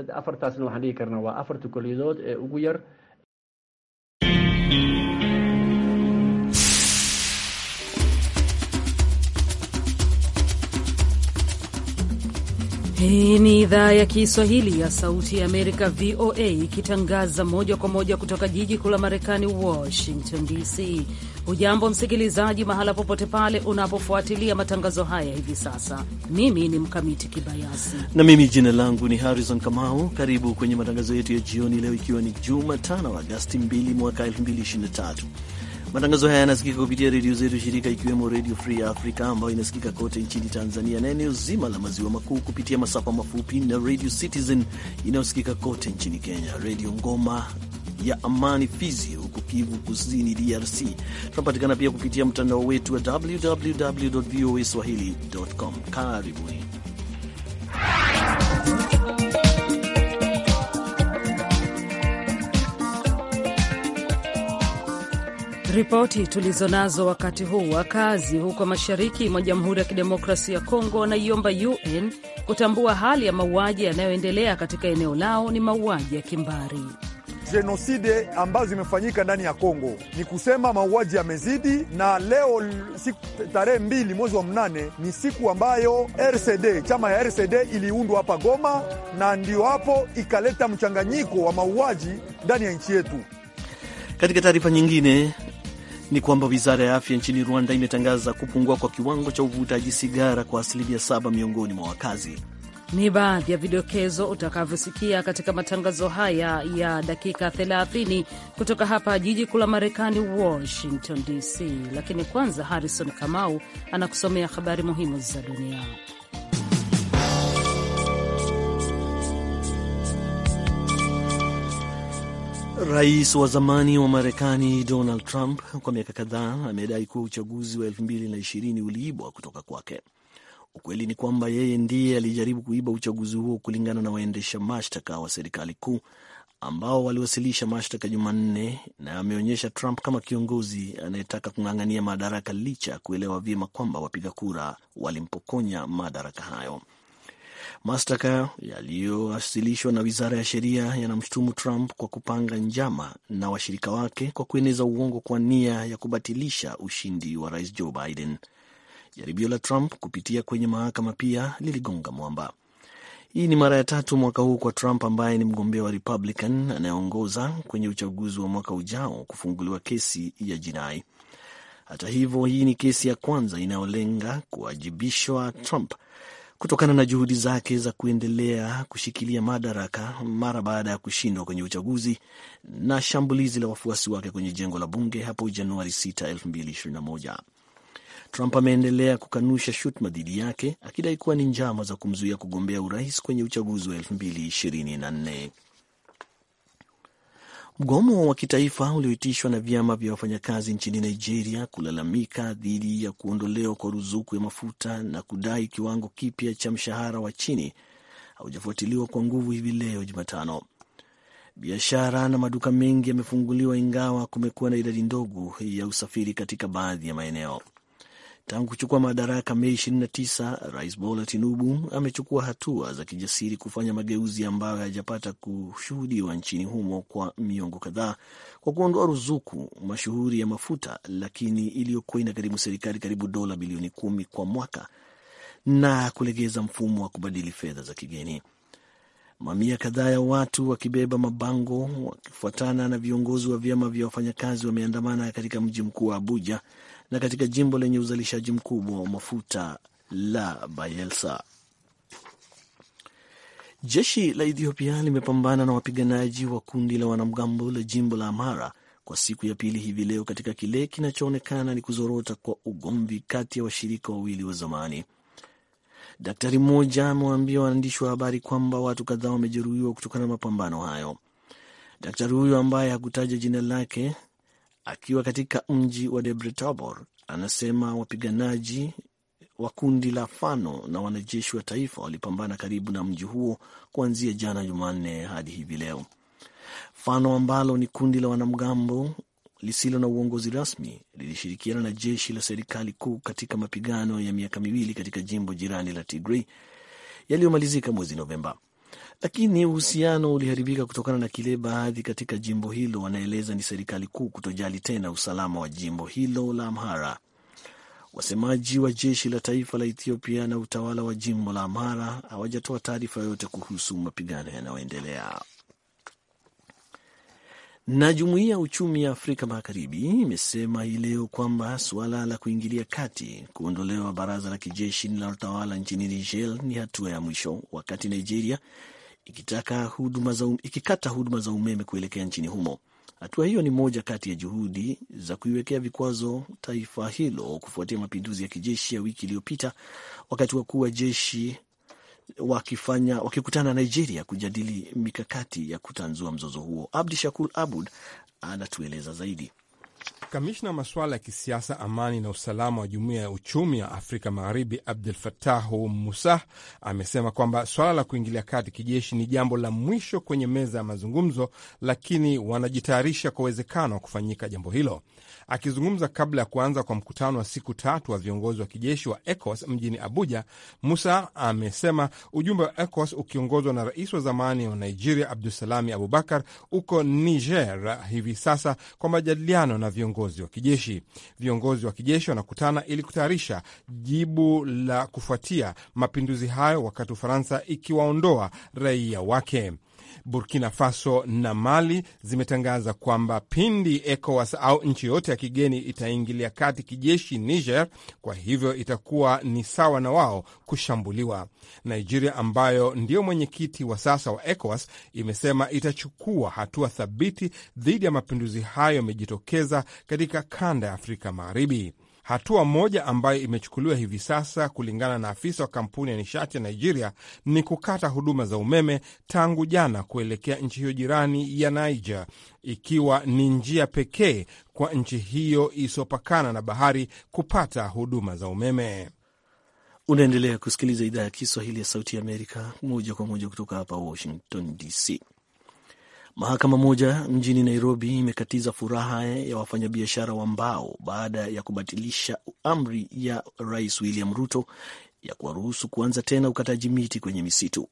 afartaasna waxaan dhihi karnaa waa afarta koliyadood ee ugu yar Hii ni idhaa ya Kiswahili ya Sauti ya Amerika, VOA, ikitangaza moja kwa moja kutoka jiji kuu la Marekani, Washington DC. Hujambo msikilizaji, mahala popote pale unapofuatilia matangazo haya hivi sasa. Mimi ni Mkamiti Kibayasi na mimi jina langu ni Harrison Kamau. Karibu kwenye matangazo yetu ya jioni leo, ikiwa ni Jumatano Agasti 2 mwaka 2023 Matangazo haya yanasikika kupitia redio zetu shirika ikiwemo Redio Free Africa ambayo inasikika kote nchini Tanzania na eneo zima la maziwa makuu kupitia masafa mafupi na Radio Citizen inayosikika kote nchini Kenya, Redio Ngoma ya Amani Fizi huku Kivu Kusini, DRC. Tunapatikana pia kupitia mtandao wetu wa www voa swahili.com. Karibuni. Ripoti tulizo nazo wakati huu, wakazi huko mashariki mwa Jamhuri ya Kidemokrasia ya Kongo wanaiomba UN kutambua hali ya mauaji yanayoendelea katika eneo lao ni mauaji ya kimbari. Jenoside ambazo zimefanyika ndani ya Kongo ni kusema mauaji yamezidi, na leo siku tarehe mbili mwezi wa mnane ni siku ambayo RCD chama ya RCD iliundwa hapa Goma, na ndio hapo ikaleta mchanganyiko wa mauaji ndani ya nchi yetu. Katika taarifa nyingine, ni kwamba wizara ya afya nchini Rwanda imetangaza kupungua kwa kiwango cha uvutaji sigara kwa asilimia saba miongoni mwa wakazi. Ni baadhi ya vidokezo utakavyosikia katika matangazo haya ya dakika 30 kutoka hapa jiji kuu la Marekani, Washington DC. Lakini kwanza, Harrison Kamau anakusomea habari muhimu za dunia. Rais wa zamani wa Marekani Donald Trump kwa miaka kadhaa amedai kuwa uchaguzi wa 2020 uliibwa kutoka kwake. Ukweli ni kwamba yeye ndiye alijaribu kuiba uchaguzi huo, kulingana na waendesha mashtaka wa serikali kuu ambao waliwasilisha mashtaka Jumanne, na ameonyesha Trump kama kiongozi anayetaka kung'ang'ania madaraka licha ya kuelewa vyema kwamba wapiga kura walimpokonya madaraka hayo. Mashtaka yaliyowasilishwa na wizara ya sheria yanamshutumu Trump kwa kupanga njama na washirika wake kwa kueneza uongo kwa nia ya kubatilisha ushindi wa rais Joe Biden. Jaribio la Trump kupitia kwenye mahakama pia liligonga mwamba. Hii ni mara ya tatu mwaka huu kwa Trump ambaye ni mgombea wa Republican anayeongoza kwenye uchaguzi wa mwaka ujao kufunguliwa kesi ya jinai. Hata hivyo, hii ni kesi ya kwanza inayolenga kuwajibishwa Trump kutokana na juhudi zake za kuendelea kushikilia madaraka mara baada ya kushindwa kwenye uchaguzi na shambulizi la wafuasi wake kwenye jengo la bunge hapo Januari 6, 2021. Trump ameendelea kukanusha shutuma dhidi yake akidai kuwa ni njama za kumzuia kugombea urais kwenye uchaguzi wa 2024. Mgomo wa kitaifa ulioitishwa na vyama vya wafanyakazi nchini Nigeria kulalamika dhidi ya kuondolewa kwa ruzuku ya mafuta na kudai kiwango kipya cha mshahara wa chini haujafuatiliwa kwa nguvu hivi leo Jumatano. Biashara na maduka mengi yamefunguliwa ingawa kumekuwa na idadi ndogo ya usafiri katika baadhi ya maeneo. Tangu kuchukua madaraka Mei 29, Rais Bola Tinubu amechukua hatua za kijasiri kufanya mageuzi ambayo hayajapata kushuhudiwa nchini humo kwa miongo kadhaa, kwa kuondoa ruzuku mashuhuri ya mafuta, lakini iliyokuwa inagharimu serikali karibu dola bilioni kumi kwa mwaka na kulegeza mfumo wa kubadili fedha za kigeni. Mamia kadhaa ya watu wakibeba mabango wakifuatana na viongozi wa vyama vya wafanyakazi wameandamana katika mji mkuu wa Abuja na katika jimbo lenye uzalishaji mkubwa wa mafuta la Bayelsa. Jeshi la Ethiopia limepambana na wapiganaji wa kundi la wanamgambo la jimbo la Amhara kwa siku ya pili hivi leo katika kile kinachoonekana ni kuzorota kwa ugomvi kati ya washirika wawili wa zamani. Daktari mmoja amewaambia waandishi wa habari kwamba watu kadhaa wamejeruhiwa kutokana na mapambano hayo. Daktari huyo ambaye hakutaja jina lake Akiwa katika mji wa Debre Tabor, anasema wapiganaji wa kundi la Fano na wanajeshi wa taifa walipambana karibu na mji huo kuanzia jana Jumanne hadi hivi leo. Fano ambalo ni kundi la wanamgambo lisilo na uongozi rasmi lilishirikiana na jeshi la serikali kuu katika mapigano ya miaka miwili katika jimbo jirani la Tigray yaliyomalizika mwezi Novemba lakini uhusiano uliharibika kutokana na kile baadhi katika jimbo hilo wanaeleza ni serikali kuu kutojali tena usalama wa jimbo hilo la Amhara. Wasemaji wa jeshi la taifa la Ethiopia na utawala wa jimbo la Amhara hawajatoa taarifa yoyote kuhusu mapigano yanayoendelea. Na jumuiya ya uchumi ya Afrika Magharibi imesema hii leo kwamba suala la kuingilia kati kuondolewa baraza la kijeshi linalotawala nchini Niger ni hatua ya mwisho, wakati Nigeria ikitaka huduma za um, ikikata huduma za umeme kuelekea nchini humo. Hatua hiyo ni moja kati ya juhudi za kuiwekea vikwazo taifa hilo kufuatia mapinduzi ya kijeshi ya wiki iliyopita, wakati wakuu wa jeshi wakifanya wakikutana Nigeria kujadili mikakati ya kutanzua mzozo huo. Abdi Shakur Abud anatueleza zaidi. Kamishna wa masuala ya kisiasa, amani na usalama wa Jumuiya ya Uchumi ya Afrika Magharibi, Abdul Fatahu Musah, amesema kwamba swala la kuingilia kati kijeshi ni jambo la mwisho kwenye meza ya mazungumzo, lakini wanajitayarisha kwa uwezekano wa kufanyika jambo hilo. Akizungumza kabla ya kuanza kwa mkutano wa siku tatu wa viongozi wa kijeshi wa ECOWAS mjini Abuja, Musa amesema ujumbe wa ECOWAS ukiongozwa na rais wa zamani wa Nigeria Abdusalami Abubakar uko Niger hivi sasa kwa majadiliano na viongozi viongozi wa kijeshi. Viongozi wa kijeshi wanakutana ili kutayarisha jibu la kufuatia mapinduzi hayo, wakati Ufaransa ikiwaondoa raia wake. Burkina Faso na Mali zimetangaza kwamba pindi ECOWAS au nchi yoyote ya kigeni itaingilia kati kijeshi Niger, kwa hivyo itakuwa ni sawa na wao kushambuliwa. Nigeria ambayo ndiyo mwenyekiti wa sasa wa ECOWAS imesema itachukua hatua thabiti dhidi ya mapinduzi hayo yamejitokeza katika kanda ya Afrika Magharibi. Hatua moja ambayo imechukuliwa hivi sasa, kulingana na afisa wa kampuni ya nishati ya Nigeria, ni kukata huduma za umeme tangu jana kuelekea nchi hiyo jirani ya Niger, ikiwa ni njia pekee kwa nchi hiyo isiyopakana na bahari kupata huduma za umeme. Unaendelea kusikiliza idhaa ya Kiswahili ya Sauti ya Amerika moja kwa moja kutoka hapa Washington DC. Mahakama moja mjini Nairobi imekatiza furaha ya wafanyabiashara wa mbao baada ya kubatilisha amri ya Rais William Ruto ya kuwaruhusu kuanza tena ukataji miti kwenye misitu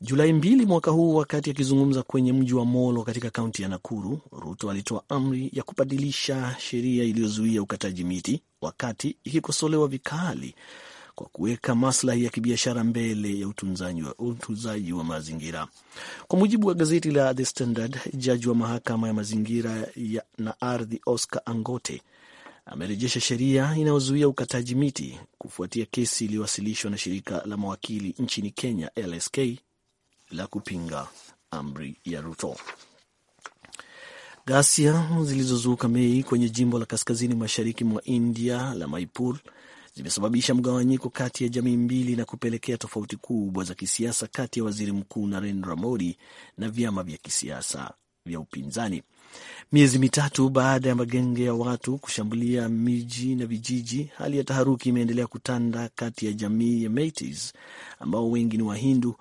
Julai mbili mwaka huu. Wakati akizungumza kwenye mji wa Molo katika kaunti ya Nakuru, Ruto alitoa amri ya kubadilisha sheria iliyozuia ukataji miti, wakati ikikosolewa vikali kwa kuweka maslahi ya kibiashara mbele ya utunzaji wa, wa mazingira. Kwa mujibu wa gazeti la The Standard, jaji wa mahakama ya mazingira ya na ardhi Oscar Angote amerejesha sheria inayozuia ukataji miti kufuatia kesi iliyowasilishwa na shirika la mawakili nchini Kenya LSK la kupinga amri ya Ruto. Ghasia zilizozuka Mei kwenye jimbo la kaskazini mashariki mwa India la Maipur zimesababisha mgawanyiko kati ya jamii mbili na kupelekea tofauti kubwa za kisiasa kati ya waziri mkuu Narendra Modi na vyama vya kisiasa vya upinzani. Miezi mitatu baada ya magenge ya watu kushambulia miji na vijiji, hali ya taharuki imeendelea kutanda kati ya jamii ya Métis ambao wengi ni Wahindu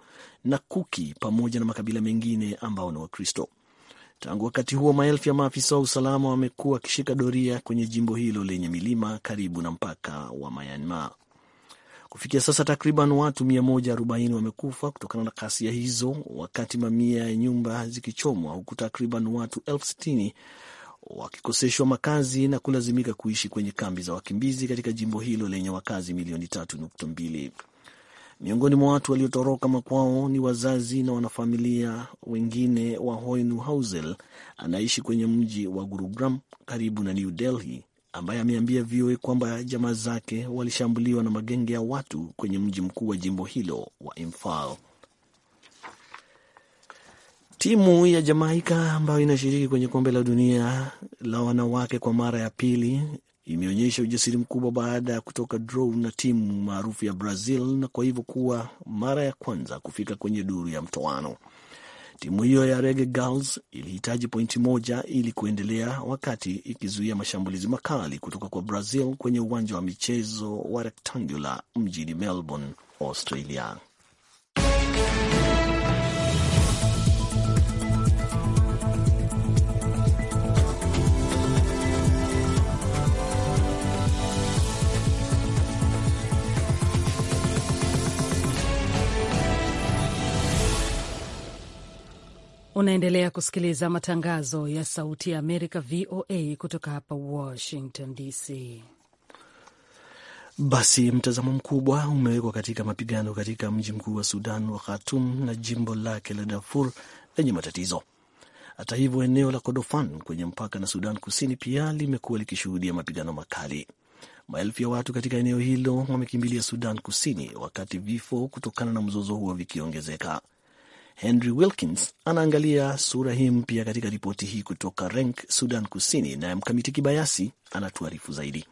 na Kuki pamoja na makabila mengine ambao ni Wakristo. Tangu wakati huo, maelfu ya maafisa wa usalama wamekuwa wakishika doria kwenye jimbo hilo lenye milima karibu na mpaka wa Myanmar. Kufikia sasa takriban watu 140 wamekufa kutokana na ghasia hizo, wakati mamia ya nyumba zikichomwa, huku takriban watu elfu sitini wakikoseshwa makazi na kulazimika kuishi kwenye kambi za wakimbizi katika jimbo hilo lenye wakazi milioni 3.2. Miongoni mwa watu waliotoroka makwao ni wazazi na wanafamilia wengine wa Hoinu anaishi kwenye mji wa Gurugram karibu na New Delhi, ambaye ameambia VOA kwamba jamaa zake walishambuliwa na magenge ya watu kwenye mji mkuu wa jimbo hilo wa Imphal. Timu ya Jamaika ambayo inashiriki kwenye kombe la dunia la wanawake kwa mara ya pili imeonyesha ujasiri mkubwa baada ya kutoka draw na timu maarufu ya Brazil na kwa hivyo kuwa mara ya kwanza kufika kwenye duru ya mtoano. Timu hiyo ya Rege Girls ilihitaji pointi moja ili kuendelea, wakati ikizuia mashambulizi makali kutoka kwa Brazil kwenye uwanja wa michezo wa Rectangular mjini Melbourne, Australia. Unaendelea kusikiliza matangazo ya Sauti ya Amerika, VOA, kutoka hapa Washington DC. Basi mtazamo mkubwa umewekwa katika mapigano katika mji mkuu wa Sudan wa Khartoum na jimbo lake la Darfur lenye matatizo. Hata hivyo, eneo la Kordofan kwenye mpaka na Sudan Kusini pia limekuwa likishuhudia mapigano makali. Maelfu ya watu katika eneo hilo wamekimbilia Sudan Kusini, wakati vifo kutokana na mzozo huo vikiongezeka. Henry Wilkins anaangalia sura hii mpya katika ripoti hii kutoka Renk, Sudan Kusini, naye Mkamiti Kibayasi anatuarifu zaidi.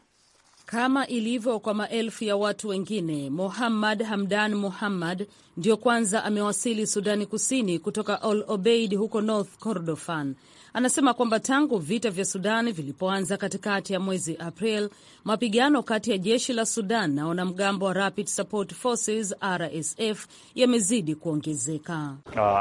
Kama ilivyo kwa maelfu ya watu wengine, muhammad Hamdan muhammad ndiyo kwanza amewasili Sudani Kusini kutoka Al Obeid huko North Kordofan anasema kwamba tangu vita vya Sudan vilipoanza katikati ya mwezi April, mapigano kati ya jeshi la Sudan na wanamgambo wa Rapid Support Forces RSF yamezidi kuongezeka. Ah,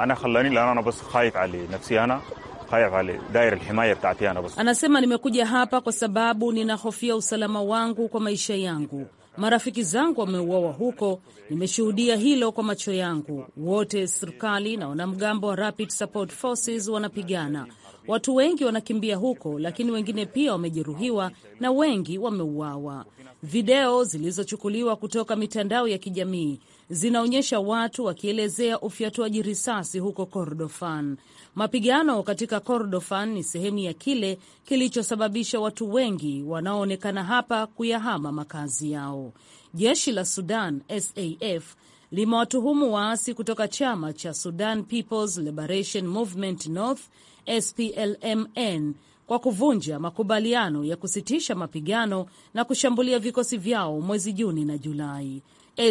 anasema, nimekuja hapa kwa sababu ninahofia usalama wangu kwa maisha yangu. Marafiki zangu wameuawa huko, nimeshuhudia hilo kwa macho yangu. Wote serikali na wanamgambo wa Rapid Support Forces wanapigana Watu wengi wanakimbia huko, lakini wengine pia wamejeruhiwa na wengi wameuawa. Video zilizochukuliwa kutoka mitandao ya kijamii zinaonyesha watu wakielezea ufyatuaji risasi huko Kordofan. Mapigano katika Kordofan ni sehemu ya kile kilichosababisha watu wengi wanaoonekana hapa kuyahama makazi yao. Jeshi la Sudan SAF limewatuhumu waasi kutoka chama cha Sudan People's Liberation Movement North SPLMN kwa kuvunja makubaliano ya kusitisha mapigano na kushambulia vikosi vyao mwezi Juni na Julai.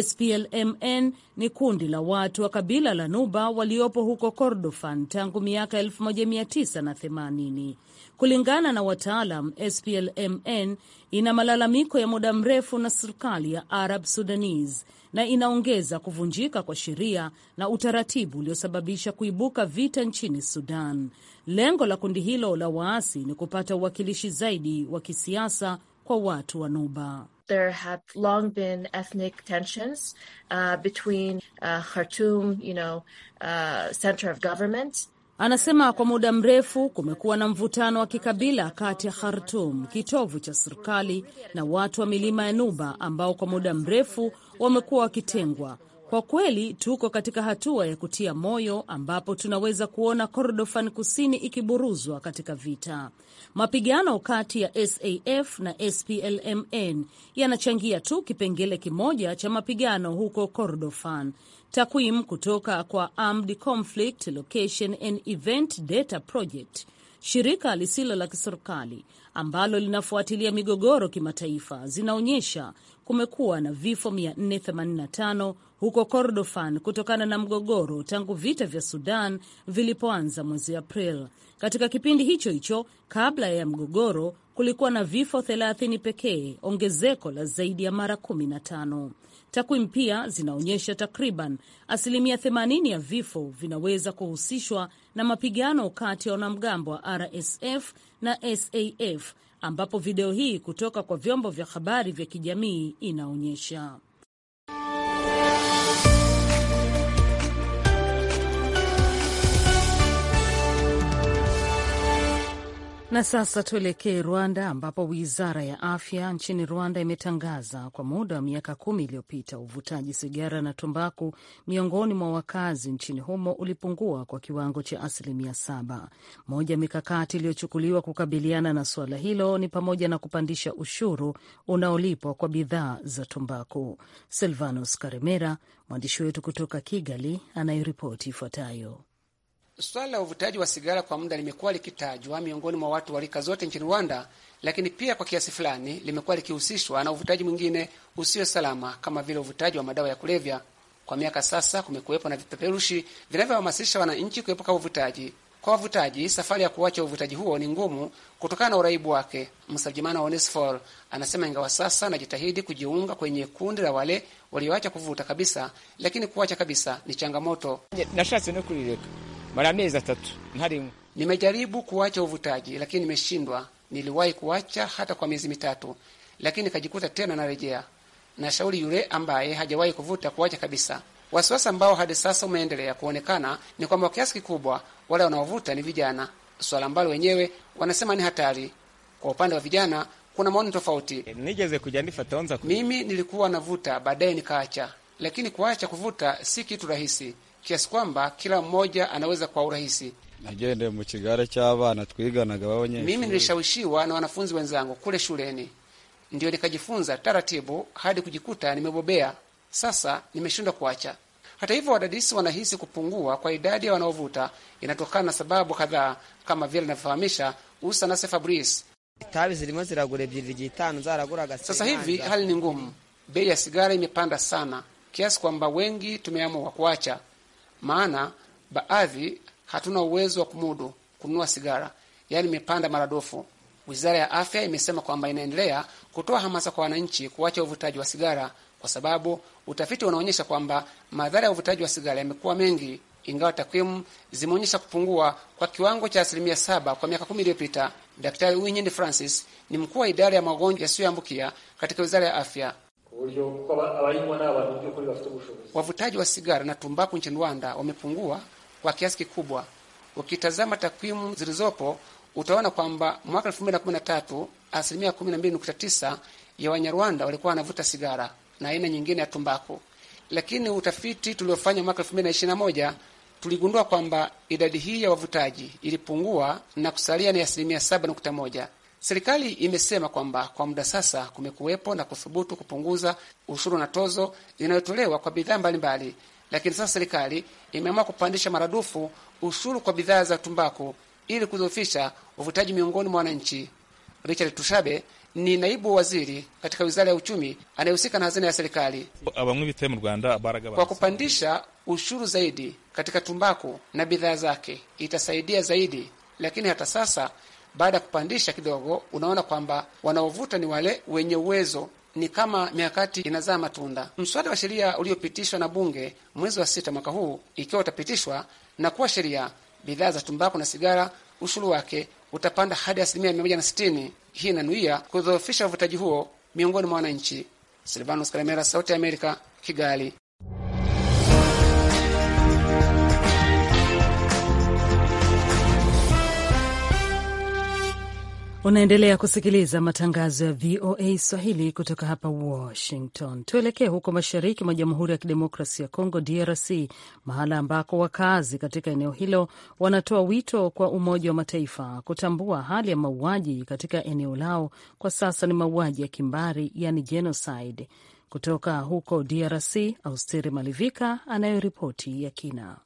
SPLMN ni kundi la watu wa kabila la Nuba waliopo huko Kordofan tangu miaka 1980. Kulingana na wataalam, SPLMN ina malalamiko ya muda mrefu na serikali ya Arab Sudanese na inaongeza kuvunjika kwa sheria na utaratibu uliosababisha kuibuka vita nchini Sudan. Lengo la kundi hilo la waasi ni kupata uwakilishi zaidi wa kisiasa kwa watu wa Nuba. There have long been ethnic tensions, uh, between, uh, Khartoum, you know, uh, center of government. Anasema kwa muda mrefu kumekuwa na mvutano wa kikabila kati ya Khartoum, kitovu cha serikali, na watu wa milima ya Nuba ambao kwa muda mrefu wamekuwa wakitengwa. Kwa kweli tuko katika hatua ya kutia moyo ambapo tunaweza kuona Kordofan Kusini ikiburuzwa katika vita. Mapigano kati ya SAF na SPLMN yanachangia tu kipengele kimoja cha mapigano huko Kordofan. Takwimu kutoka kwa Armed Conflict Location and Event Data Project, shirika lisilo la kiserikali ambalo linafuatilia migogoro kimataifa zinaonyesha kumekuwa na vifo 485 huko Kordofan kutokana na mgogoro tangu vita vya Sudan vilipoanza mwezi April. Katika kipindi hicho hicho, kabla ya mgogoro, kulikuwa na vifo 30 pekee, ongezeko la zaidi ya mara 15. Takwimu pia zinaonyesha takriban asilimia 80 ya vifo vinaweza kuhusishwa na mapigano kati ya wanamgambo wa RSF na SAF, ambapo video hii kutoka kwa vyombo vya habari vya kijamii inaonyesha Na sasa tuelekee Rwanda, ambapo wizara ya afya nchini Rwanda imetangaza kwa muda wa miaka kumi iliyopita uvutaji sigara na tumbaku miongoni mwa wakazi nchini humo ulipungua kwa kiwango cha asilimia saba. Moja ya mikakati iliyochukuliwa kukabiliana na suala hilo ni pamoja na kupandisha ushuru unaolipwa kwa bidhaa za tumbaku. Silvanus Karemera, mwandishi wetu kutoka Kigali, anayeripoti ifuatayo. Swala la uvutaji wa sigara kwa muda limekuwa likitajwa miongoni mwa watu wa rika zote nchini Rwanda, lakini pia kwa kiasi fulani limekuwa likihusishwa na uvutaji mwingine usio salama kama vile uvutaji wa madawa ya kulevya. Kwa miaka sasa kumekuwepo na vipeperushi vinavyohamasisha wananchi kuepuka uvutaji. Kwa wavutaji, safari ya kuacha uvutaji huo ni ngumu kutokana na uraibu wake. Msajimana Onesfor anasema ingawa sasa anajitahidi kujiunga kwenye kundi la wale walioacha kuvuta kabisa, lakini kuacha kabisa ni changamoto mara miezi tatu ntarimwe. Nimejaribu kuwacha uvutaji lakini nimeshindwa. Niliwahi kuwacha hata kwa miezi mitatu, lakini kajikuta tena narejea. Nashauri yule ambaye hajawahi kuvuta kuwacha kabisa. Wasiwasi ambao hadi sasa umeendelea kuonekana ni kwamba kwa kiasi kikubwa wale wanaovuta ni vijana, swala ambalo wenyewe wanasema ni hatari. Kwa upande wa vijana kuna maoni tofauti. Eh, Mimi nilikuwa navuta, baadaye nikaacha, lakini kuacha kuvuta si kitu rahisi kiasi kwamba kila mmoja anaweza kwa urahisi. nagende mu kigare cy'abana twiganaga babonye. Mimi nilishawishiwa na wanafunzi wenzangu kule shuleni, ndiyo nikajifunza taratibu hadi kujikuta nimebobea. Sasa nimeshindwa kuacha. Hata hivyo, wadadisi wanahisi kupungua kwa idadi ya wanaovuta inatokana na sababu kadhaa, kama vile inavyofahamisha Usanase Fabrice. Sasa hivi hali ni ngumu, bei ya sigara imepanda sana kiasi kwamba wengi tumeamua kuacha maana baadhi hatuna uwezo wa kumudu kununua sigara, yaani imepanda maradufu. Wizara ya Afya imesema kwamba inaendelea kutoa hamasa kwa wananchi kuacha uvutaji wa sigara, kwa sababu utafiti unaonyesha kwamba madhara ya uvutaji wa sigara yamekuwa mengi, ingawa takwimu zimeonyesha kupungua kwa kiwango cha asilimia saba kwa miaka kumi iliyopita. Daktari Winyindi Francis ni mkuu wa idara ya magonjwa yasiyoambukia katika wizara ya afya. Wavutaji wa sigara na tumbaku nchini Rwanda wamepungua kwa kiasi kikubwa. Ukitazama takwimu zilizopo, utaona kwamba mwaka 2013 asilimia 12.9 ya Wanyarwanda walikuwa wanavuta sigara na aina nyingine ya tumbaku, lakini utafiti tuliofanya mwaka 2021 tuligundua kwamba idadi hii ya wavutaji ilipungua na kusalia ni asilimia 7.1. Serikali imesema kwamba kwa muda sasa kumekuwepo na kuthubutu kupunguza ushuru na tozo inayotolewa kwa bidhaa mbalimbali, lakini sasa serikali imeamua kupandisha maradufu ushuru kwa bidhaa za tumbaku ili kudhoofisha uvutaji miongoni mwa wananchi. Richard Tushabe ni naibu waziri katika wizara ya uchumi anayehusika na hazina ya serikali. Kwa kupandisha ushuru zaidi katika tumbaku na bidhaa zake itasaidia zaidi, lakini hata sasa baada ya kupandisha kidogo, unaona kwamba wanaovuta ni wale wenye uwezo. Ni kama mikakati inazaa matunda. Mswada wa sheria uliopitishwa na bunge mwezi wa sita mwaka huu, ikiwa utapitishwa na kuwa sheria, bidhaa za tumbaku na sigara ushuru wake utapanda hadi asilimia mia moja na sitini. Hii inanuia kudhoofisha uvutaji huo miongoni mwa wananchi. Silvanus Kalemera, Sauti ya Amerika, Kigali. Unaendelea kusikiliza matangazo ya VOA Swahili kutoka hapa Washington. Tuelekee huko mashariki mwa Jamhuri ya Kidemokrasi ya Kongo, DRC, mahala ambako wakazi katika eneo hilo wanatoa wito kwa Umoja wa Mataifa kutambua hali ya mauaji katika eneo lao kwa sasa ni mauaji ya kimbari, yani genocide. Kutoka huko DRC, Austeri Malivika anayoripoti ya kina.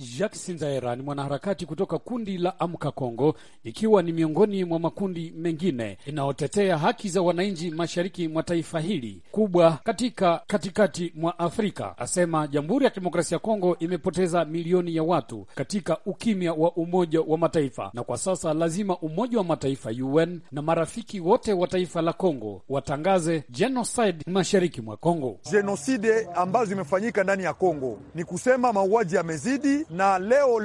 Jacques Sinzaera ni mwanaharakati kutoka kundi la Amka Kongo, ikiwa ni miongoni mwa makundi mengine inayotetea haki za wananchi mashariki mwa taifa hili kubwa katika katikati mwa Afrika. Asema Jamhuri ya Kidemokrasia ya Kongo imepoteza milioni ya watu katika ukimya wa Umoja wa Mataifa, na kwa sasa lazima Umoja wa Mataifa UN na marafiki wote wa taifa la Kongo watangaze genocide mashariki mwa Kongo. Genocide ambazo zimefanyika ndani ya Kongo ni kusema mauaji yamezidi na leo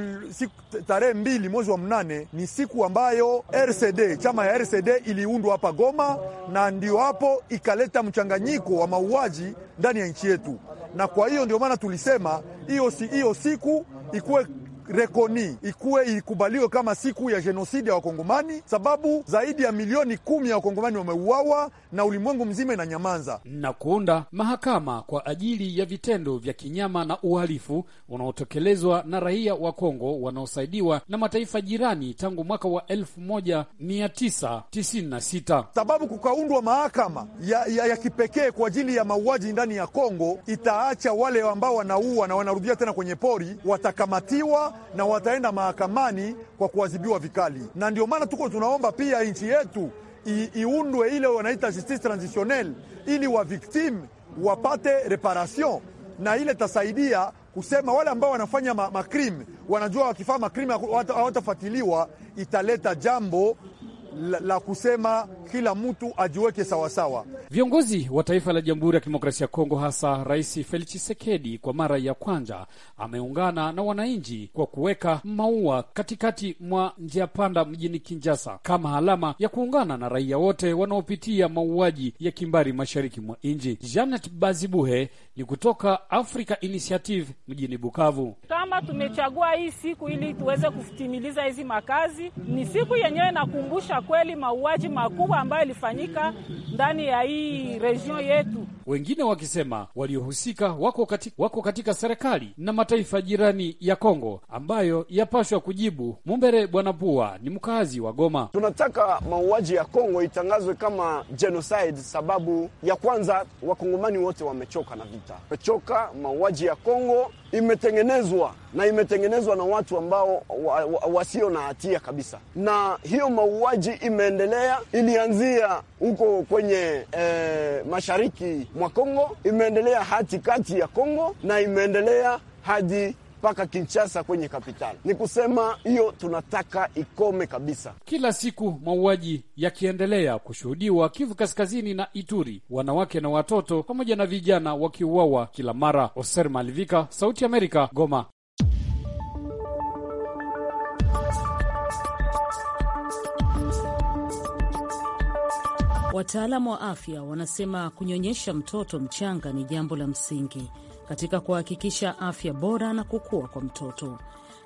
tarehe mbili mwezi wa mnane ni siku ambayo RCD chama ya RCD iliundwa hapa Goma, na ndio hapo ikaleta mchanganyiko wa mauaji ndani ya nchi yetu, na kwa hiyo ndio maana tulisema hiyo si, hiyo siku ikuwe rekoni ikuwe ikubaliwe kama siku ya jenosidi ya Wakongomani, sababu zaidi ya milioni kumi ya Wakongomani wameuawa na ulimwengu mzima nyamanza na kuunda mahakama kwa ajili ya vitendo vya kinyama na uhalifu unaotekelezwa na raia wa Kongo wanaosaidiwa na mataifa jirani tangu mwaka wa 1996 sababu kukaundwa mahakama ya, ya, ya kipekee kwa ajili ya mauaji ndani ya Kongo itaacha wale ambao wanaua na wanarudia tena kwenye pori, watakamatiwa na wataenda mahakamani kwa kuadhibiwa vikali, na ndio maana tuko tunaomba pia nchi yetu iundwe ile wanaita justice transitionnel, ili victim wapate reparation, na ile tasaidia kusema wale ambao wanafanya makrime ma wanajua wakifanya makrime hawatafuatiliwa, italeta jambo la, la kusema kila mtu ajiweke sawasawa. Viongozi wa taifa la Jamhuri ya Kidemokrasia ya Kongo, hasa Rais Felix Tshisekedi, kwa mara ya kwanza ameungana na wananchi kwa kuweka maua katikati mwa njia panda mjini kinjasa kama alama ya kuungana na raia wote wanaopitia mauaji ya kimbari mashariki mwa nchi. Janet Bazibuhe ni kutoka Africa Initiative mjini Bukavu. Kama tumechagua hii siku ili tuweze kutimiliza hizi makazi, ni siku yenyewe nakumbusha kweli mauaji makubwa ambayo yalifanyika ndani ya hii region yetu. Wengine wakisema waliohusika wako katika, wako katika serikali na mataifa jirani ya Kongo ambayo yapashwa kujibu. Mumbere Bwana Pua ni mkazi wa Goma. Tunataka mauaji ya Kongo itangazwe kama genocide, sababu ya kwanza wakongomani wote wamechoka na vita, wamechoka mauaji ya Kongo imetengenezwa na imetengenezwa na watu ambao wa, wa, wasio na hatia kabisa, na hiyo mauaji imeendelea. Ilianzia huko kwenye e, mashariki mwa Kongo, imeendelea hati kati ya Kongo na imeendelea hadi mpaka Kinshasa kwenye kapitali. Ni kusema hiyo tunataka ikome kabisa. Kila siku mauaji yakiendelea kushuhudiwa Kivu Kaskazini na Ituri, wanawake na watoto pamoja na vijana wakiuawa kila mara. Oser Malivika, Sauti Amerika, Goma. Wataalamu wa afya wanasema kunyonyesha mtoto mchanga ni jambo la msingi katika kuhakikisha afya bora na kukua kwa mtoto.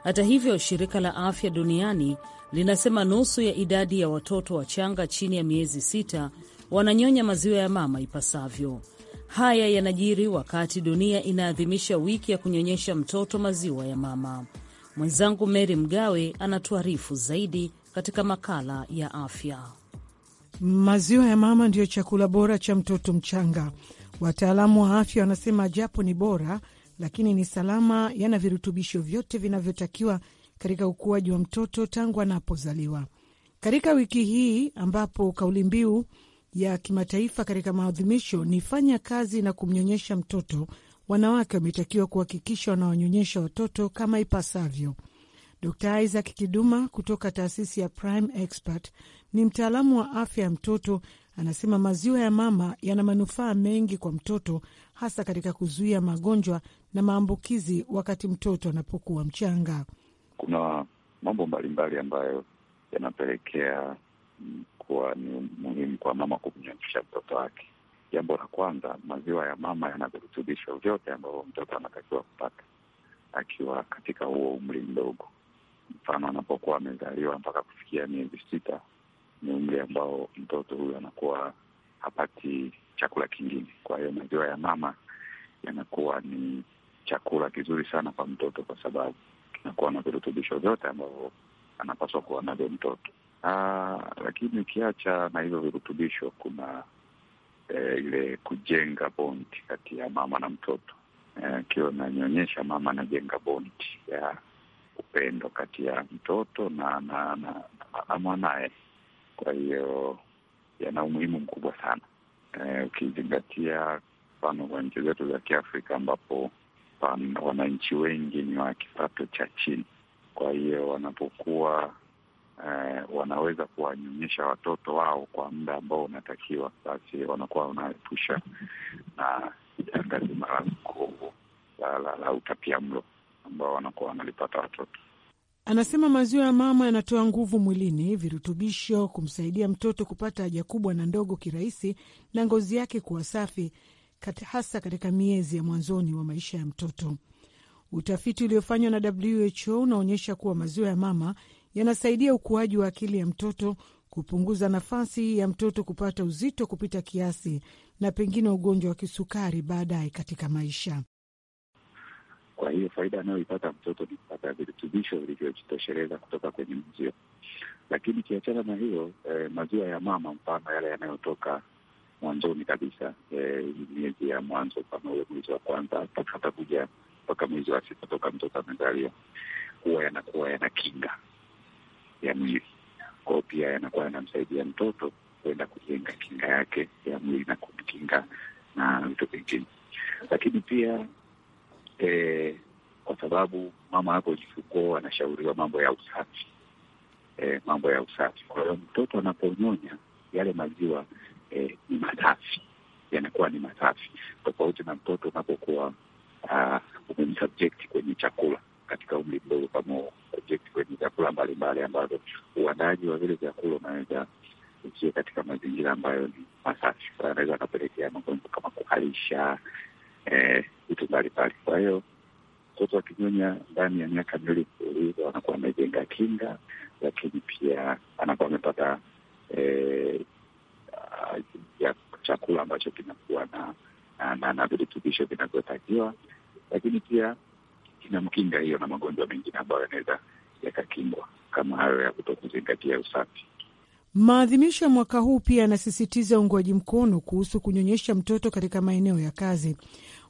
Hata hivyo, shirika la afya duniani linasema nusu ya idadi ya watoto wachanga chini ya miezi sita wananyonya maziwa ya mama ipasavyo. Haya yanajiri wakati dunia inaadhimisha wiki ya kunyonyesha mtoto maziwa ya mama. Mwenzangu Mary Mgawe anatuarifu zaidi katika makala ya afya. Maziwa ya mama ndiyo chakula bora cha mtoto mchanga. Wataalamu wa afya wanasema japo ni bora, lakini ni salama, yana virutubisho vyote vinavyotakiwa katika ukuaji wa mtoto tangu anapozaliwa. Katika wiki hii ambapo kauli mbiu ya kimataifa katika maadhimisho ni fanya kazi na kumnyonyesha mtoto, wanawake wametakiwa kuhakikisha wanawanyonyesha watoto kama ipasavyo. d Isaac Kiduma kutoka taasisi ya Prime Expert ni mtaalamu wa afya ya mtoto Anasema maziwa ya mama yana manufaa mengi kwa mtoto, hasa katika kuzuia magonjwa na maambukizi wakati mtoto anapokuwa mchanga. Kuna mambo mbalimbali ambayo yanapelekea mm, kuwa ni muhimu kwa mama kumnyonyesha mtoto wake. Jambo la kwanza, maziwa ya mama yana virutubisho vyote ambavyo mtoto anatakiwa kupata akiwa katika huo umri mdogo, mfano anapokuwa amezaliwa mpaka kufikia miezi sita ni umri ambao mtoto huyu anakuwa hapati chakula kingine. Kwa hiyo maziwa ya mama yanakuwa ni chakula kizuri sana kwa mtoto, kwa sababu kinakuwa na virutubisho vyote ambavyo anapaswa kuwa navyo mtoto. Aa, ah, lakini ukiacha na hivyo virutubisho, kuna e, ile kujenga bondi kati ya mama na mtoto akiwa eh, e, nanyonyesha, mama anajenga bondi ya upendo kati ya mtoto na na, na, na, na mwanaye kwa hiyo yana umuhimu mkubwa sana e, ukizingatia mfano kwa nchi zetu za Kiafrika ambapo wananchi wengi ni wa kipato cha chini. Kwa hiyo wanapokuwa e, wanaweza kuwanyonyesha watoto wao kwa muda ambao unatakiwa, basi wanakuwa wanaepusha na janga zima la la utapia mlo ambao wanakuwa wanalipata watoto. Anasema maziwa ya mama yanatoa nguvu mwilini, virutubisho, kumsaidia mtoto kupata haja kubwa na ndogo kirahisi na ngozi yake kuwa safi, hasa katika miezi ya mwanzoni wa maisha ya mtoto. Utafiti uliofanywa na WHO unaonyesha kuwa maziwa ya mama yanasaidia ukuaji wa akili ya mtoto, kupunguza nafasi ya mtoto kupata uzito kupita kiasi na pengine ugonjwa wa kisukari baadaye katika maisha. Kwa hiyo faida anayoipata mtoto ni kupata virutubisho vilivyojitosheleza kutoka kwenye maziwa. Lakini kiachana na hiyo eh, maziwa ya mama mfano yale yanayotoka mwanzoni kabisa eh, miezi ya mwanzo kama ule mwezi wa kwanza mpaka mpaka mwezi wa sita toka mtoto amezaliwa, huwa yanakuwa yana kinga ya mwili kwao, pia yanakuwa yanamsaidia mtoto kuenda kujenga kinga yake ya mwili na kumkinga na vitu vingine. Lakini pia e, kwa sababu mama hapo jifungua anashauriwa mambo ya usafi e, mambo ya usafi. Kwa hiyo mtoto anaponyonya yale maziwa e, ni masafi, yanakuwa ni masafi, tofauti na mtoto unapokuwa ah, umemsubjekti kwenye chakula katika umri mdogo kama subjekti kwenye vyakula mbalimbali ambavyo uandaji wa vile vyakula unaweza usie katika mazingira ambayo ni masafi, anaweza akapelekea magonjwa kama kuharisha Eh, vitu eh, mbalimbali. Kwa hiyo mtoto akinyonya ndani ya miaka miwili kuuliza, anakuwa amejenga kinga, lakini pia anakuwa amepata eh, ah, chakula ambacho kinakuwa na na, na, na virutubisho vinavyotakiwa, lakini pia mkinga hiyo na magonjwa mengine ambayo yanaweza yakakingwa kama hayo ya kutokuzingatia usafi. Maadhimisho ya mwaka huu pia yanasisitiza uungwaji mkono kuhusu kunyonyesha mtoto katika maeneo ya kazi.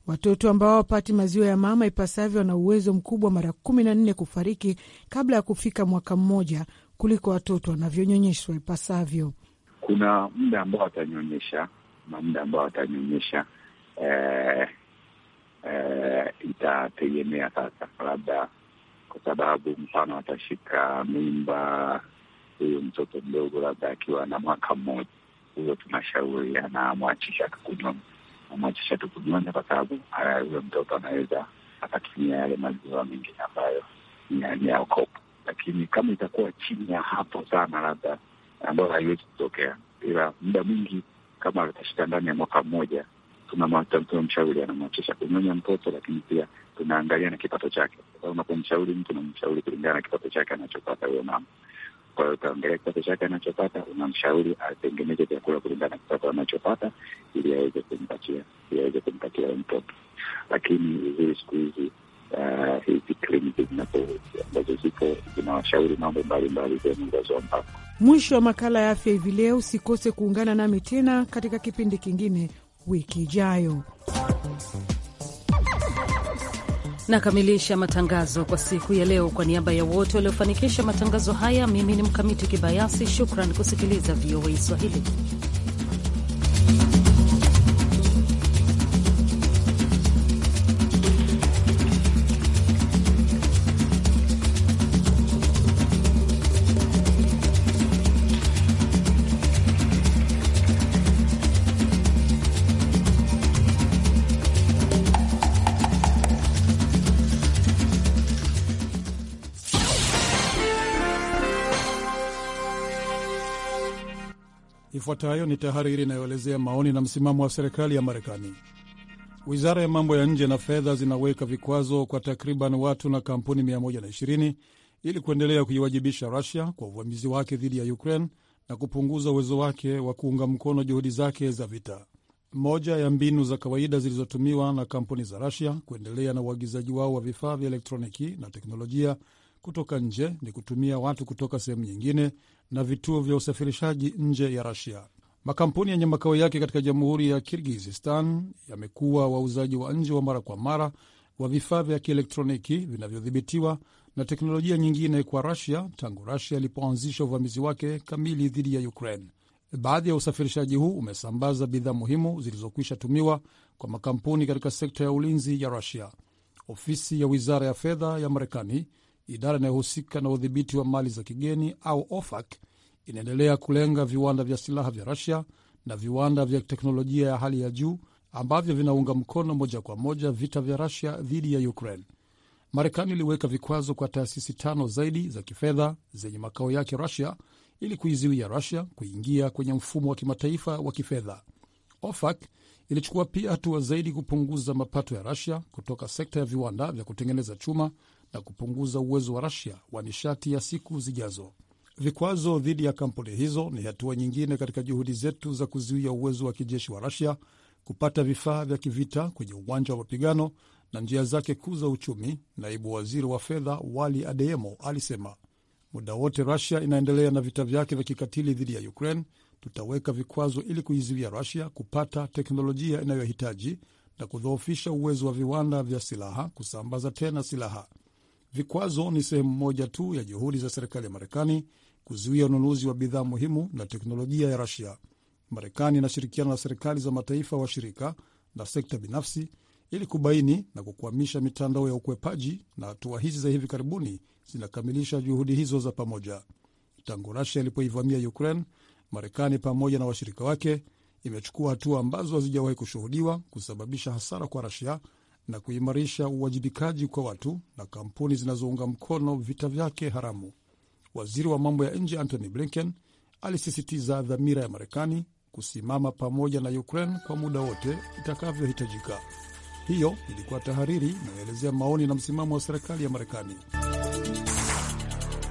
Watoto ambao hawapati maziwa ya mama ipasavyo wana uwezo mkubwa mara kumi na nne kufariki kabla ya kufika mwaka mmoja kuliko watoto wanavyonyonyeshwa ipasavyo. Kuna muda ambao watanyonyesha na muda ambao watanyonyesha eh, eh, itategemea sasa, labda kwa sababu mfano atashika mimba huyo mtoto mdogo, labda akiwa na mwaka mmoja, huyo tunashauri anamwachisha kunyonyesha kumwachisha tu kunyonya, kwa sababu haya, huyo mtoto anaweza akatumia yale maziwa mengine ambayo ni ya lakini kama itakuwa chini ya hapo sana, labda ambayo haiwezi kutokea, ila muda mwingi kama atashika ndani ya mwaka mmoja, tunamshauri anamwachisha kunyonya mtoto, lakini pia tunaangalia na kipato chake. Unapomshauri mtu, namshauri kulingana na kipato chake anachopata huyo mama. Kwa hiyo utaangalia kipato chake anachopata, unamshauri atengeneze vyakula kulingana na kipato anachopata, ili aweze kumpatia ili aweze kumpatia mtoto. Lakini vizuri siku hizi uh, hizi kliniki zinapo ambazo zipo zinawashauri mambo mbalimbali kwenye uzazi wa mpango. Mwisho wa makala ya afya hivi leo, usikose kuungana nami tena katika kipindi kingine wiki ijayo. Nakamilisha matangazo kwa siku ya leo. Kwa niaba ya wote waliofanikisha matangazo haya, mimi ni Mkamiti Kibayasi. Shukran kusikiliza VOA Swahili. Ifuatayo ni tahariri inayoelezea maoni na msimamo wa serikali ya Marekani. Wizara ya mambo ya nje na fedha zinaweka vikwazo kwa takriban watu na kampuni 120 ili kuendelea kuiwajibisha Rusia kwa uvamizi wake dhidi ya Ukraine na kupunguza uwezo wake wa kuunga mkono juhudi zake za vita. Moja ya mbinu za kawaida zilizotumiwa na kampuni za Rusia kuendelea na uagizaji wao wa vifaa vya elektroniki na teknolojia kutoka nje ni kutumia watu kutoka sehemu nyingine na vituo vya usafirishaji nje ya Rasia. Makampuni yenye ya makao yake katika jamhuri ya Kirgizistan yamekuwa wauzaji wa nje wa mara kwa mara wa vifaa vya kielektroniki vinavyodhibitiwa na teknolojia nyingine kwa Rasia tangu Rasia ilipoanzisha uvamizi wake kamili dhidi ya Ukraine. Baadhi ya usafirishaji huu umesambaza bidhaa muhimu zilizokwisha tumiwa kwa makampuni katika sekta ya ulinzi ya Rasia. Ofisi ya wizara ya fedha ya Marekani idara inayohusika na udhibiti wa mali za kigeni au OFAC inaendelea kulenga viwanda vya silaha vya Rusia na viwanda vya teknolojia ya hali ya juu ambavyo vinaunga mkono moja kwa moja vita vya Rusia dhidi ya Ukraine. Marekani iliweka vikwazo kwa taasisi tano zaidi za kifedha zenye makao yake Rusia ili kuizuia Rusia kuingia kwenye mfumo wa kimataifa wa kifedha. OFAC ilichukua pia hatua zaidi kupunguza mapato ya Rusia kutoka sekta ya viwanda vya kutengeneza chuma na kupunguza uwezo wa Rasia wa nishati ya siku zijazo. Vikwazo dhidi ya kampuni hizo ni hatua nyingine katika juhudi zetu za kuzuia uwezo wa kijeshi wa Rasia kupata vifaa vya kivita kwenye uwanja wa mapigano na njia zake kuu za uchumi, naibu waziri wa fedha Wali Adeyemo alisema. Muda wote Rusia inaendelea na vita vyake vya kikatili dhidi ya Ukraine, tutaweka vikwazo ili kuizuia Rusia kupata teknolojia inayohitaji na kudhoofisha uwezo wa viwanda vya silaha kusambaza tena silaha. Vikwazo ni sehemu moja tu ya juhudi za serikali ya Marekani kuzuia ununuzi wa bidhaa muhimu na teknolojia ya rasia Marekani inashirikiana na serikali za mataifa washirika na sekta binafsi ili kubaini na kukwamisha mitandao ya ukwepaji, na hatua hizi za hivi karibuni zinakamilisha juhudi hizo za pamoja. Tangu rasia ilipoivamia Ukraine, Marekani pamoja na washirika wake imechukua hatua ambazo hazijawahi kushuhudiwa kusababisha hasara kwa rasia na kuimarisha uwajibikaji kwa watu na kampuni zinazounga mkono vita vyake haramu. Waziri wa mambo ya nje Antony Blinken alisisitiza dhamira ya Marekani kusimama pamoja na Ukraine kwa muda wote itakavyohitajika. Hiyo ilikuwa tahariri inayoelezea maoni na msimamo wa serikali ya Marekani.